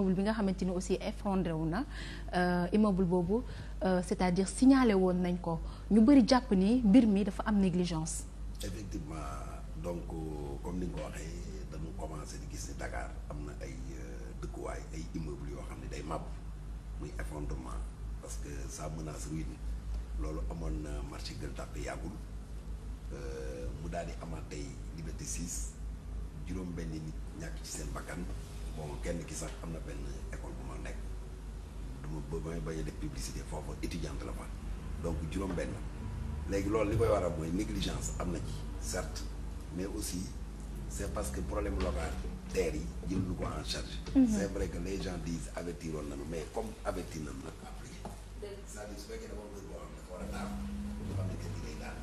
immeuble bi nga xamante ni aussi effondré wu na euh, immeuble boobu euh, c'est-à-dire signalé woon nañ ko ñu bëri jàpp ni mbir mi dafa am négligence effectivement donc comme ni nga waxee dañu commencé di gis ni Dakar am na ay euh, dëkkuwaay ay immeuble yoo xam ne day màbb muy effondrement parce que ça menace ruine loolu amoon na marché Gueule Tapée yàggul mu daal di amaat tey liberté 6 juróom benn nit ñàkk ci seen bakkan bon kenn ki sax am na benn école bu ma nekk duma ba may bañ a def foofu étudiante la fa donc juróom-benn léegi loolu li koy waral mooy négligence am na ci certes mais aussi c' est parce que problème local terre yi jël lu ko en charge. Mhm. c' est vrai que les gens disent mais comme avertir nañu nag appliqué. a daal ñu xam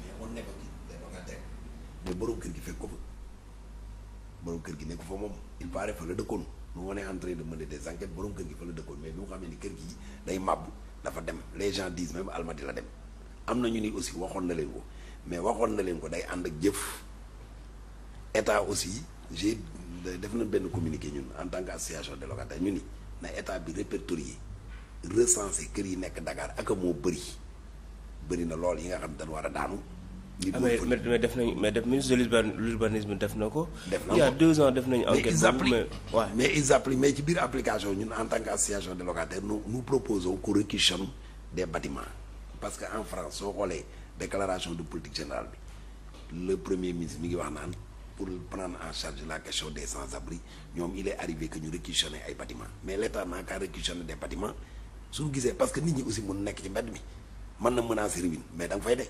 mais on nekk ci day locataire kër gi fekk ko fa borom kër gi nekk ko fa moom il paraît fa la dëkkoon. nous on est en train de mener des enquêtes borom kër gi fa la dëkkoon mais bi nga xamee ni kër gi day màbb dafa dem les gens disent même la dem am na ñu ni aussi waxoon na leen ko mais waxoon na leen ko day ànd ak jëf état aussi j'ai def na benn communiqué ñun en tant que association de locataires ñu ni na état bi répertorier recenser kër yi nekk Dakar ak moo bëri bëri na lool yi nga xam dañ war a daanu Ah, mais mais def nañu mais def ministre de l'urbanisme def na ko. def na ko il y a deux ans def nañu enquête. mais ils appliquent waaw mais ils mais ci biir application ñun en tant qu'association de locataires nous nous proposons qu'on réquisitionne des parce que en France soo xoolee déclaration de politique générale bi le premier ministre mi ngi wax naan pour prendre en charge la question des sans-abri ñoom il est arrivé que ñu réquisitionner ay bâtiments mais l'État n'a qu'à réquisitionner des bâtiments suñu gisee parce que nit ñi aussi mun nekk ci mbedd mi mën na menacer mais da nga fay dee.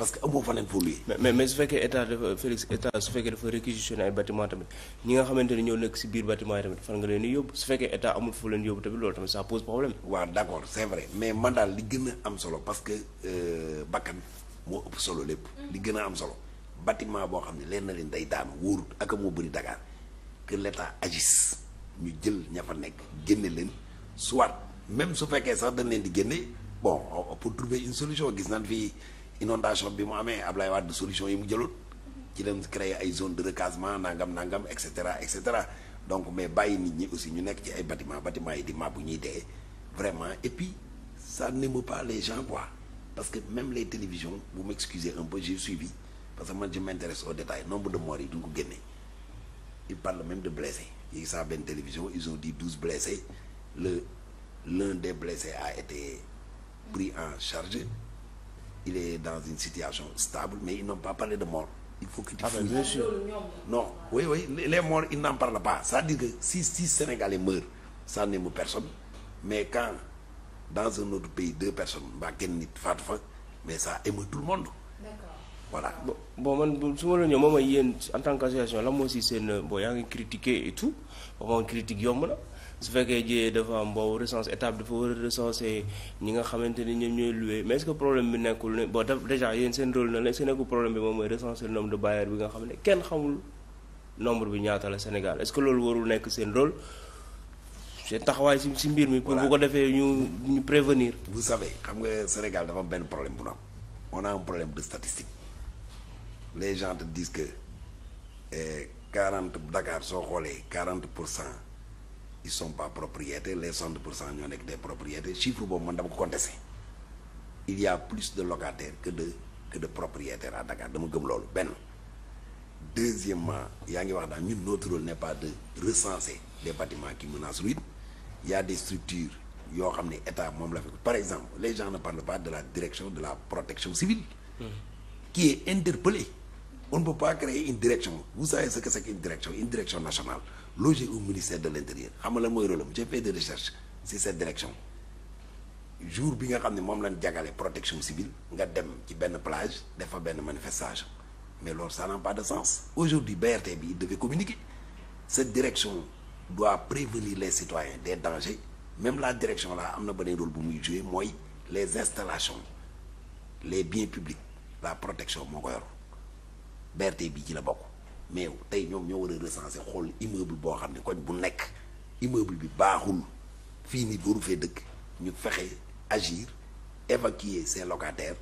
parce que amoo faneen pour lui. mais mais su fekkee état dafa Félix état su fekkee dafa réquisitionné ay bâtiment tamit ñi nga xamante ne ñoo nekk si biir bâtiment yi tamit fan nga leen di yóbbu su fekkee état amul fu leen yóbbu tamit loolu tamit ça pose problème. waaw d' accord vrai mais man daal li gën a am solo parce que euh, bakkan moo ëpp solo lépp. Mm. li gën a am solo bâtiment boo xam ne leen na leen day daanu wóorut ak moo bëri Dakar que l' état agisse ñu jël nekk génne leen soit même su fekkee sax dañ leen di génne bon gis naan fii. inondation bi mu amee Ablaye Wade solution yi mu jëloon ci dem créer ay zone de recasement nangam nangam et cetera et cetera donc mais bàyyi nit ñi aussi ñu nekk ci ay batiment bâtiment yi di mab bu ñuy dee vraiment et puis ça n'émeut pas les gens quoi parce que même les télévisions vous m'excusez un peu j'ai suivi parce que man je m'intéresse au détail nombre de morts yi duñ ko génnee ils parlent même de blessés yi saa benn télévision ils ont dit douze le l'un des blessés a été en charge il est dans une situation stable mais ils n'ont pas parlé de mort il faut que tu ah bien sûr non oui oui les morts ils n'en parlent pas cest dire que si six Sénégalais meurent ça n'émeut personne mais quand dans un autre pays deux personnes mbaa kenn nit faatu fa mais ça émeut tout le monde voilà bon man su ma la ñëw moom mooy yéen en tant qu'association la moo si seen bon yaa ngi critiquer et tout ba moom critique yomb na su fekkee jiyee dafa am boobu recense étape dafa war a recenser ñi nga xamante ni ñoom ñooy loué mais est problème bi nekkul ne bon déjà yéen seen rôle na la est-ce que nekkul problème bi moom mooy recenser le nombre de bailleurs bi nga xam ne kenn xamul nombre bi ñaata la Sénégal est-ce que loolu warul nekk seen rôle seen taxawaay si si mbir mi. pour bu ko defee ñu ñu prévenir. bu savez xam nga Sénégal dafa benn problème bu ñu am on a problème de statistique les gens te disent que eh, quarante Dakar soo xoolee quarante pour cent. il sont pas propriétaires les 60 pour cent ñoo nekk des propriétaires chiffre boobu man dama ko il y a plus de locataires que de que de propriétaires à Dakar dama gëm loolu benn deuxièmement yaa ngi wax daal ñun notre rôle n'est pas de recenser les bâtiments qui menacent ruine il y a des structures yoo xam ne état moom la fa par exemple les gens par parlent pas de la direction de la protection civile mm-hmm. qui est interpellée on ne peut pas créer une direction vous savez ce direction une nationale logé au ministère de l' intérieur xam nga lan mooy rôle am j'ai fait des recherches si cette direction jour bi nga xam ne moom lañ jagale protection civile nga dem ci benn plage def benn manifestation mais loolu ça n'a pas de sens aujourd'hui BRT bi il devait communiquer cette direction doit prévenir les citoyens des dangers même la direction là am na beneen rôle bu muy jouer mooy les installations les biens publics la protection moo ko yor BRT bi ci la bokk mais tey ñoom ñoo war a recenser xool immeuble boo xam ne koñ bu nekk immeuble bi baaxul fii nii waru fee dëkk ñu fexe agir évacuer ses locataires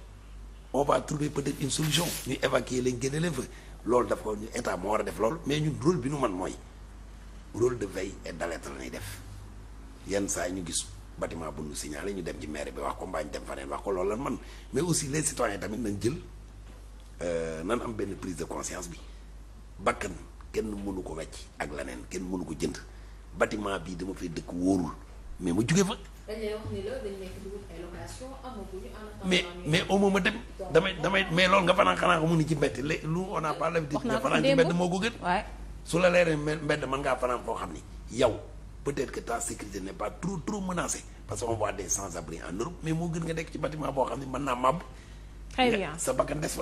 on va trouver peut-être une solution ñu évacuer leen génne leen fa loolu daf ko ñu état moo war a def loolu mais ñun rôle bi nu man mooy rôle de veille et d'alerte la ñuy def yenn saa ñu gis bâtiment bu ñu signalé ñu dem ci maire bi wax ko mbaa ñu dem faneen wax ko loolu lan man mais aussi les citoyens tamit nañ jël euh, nan am benn prise de conscience bi bakkan kenn mënu ko wecc ak leneen kenn mënu ko jënd bâtiment bii dama fay dëkk wóorul mais ma jóge fa. mais mais au moment dem damay damay mais loolu nga fanaan xanaa ko mu ni ci mbedd léegi lu on a pas l'habitude nga fanaan ci mbedd moo ko gën su la leeree mbedd mën ngaa fanaan foo xam ni yow peut-être que ta sécurité n'est pas trop trop menacée parce que on de des sans-abri en Europe mais moo gën nga nekk ci bâtiment boo xam ne mën naa màbb très bien sa bakkan des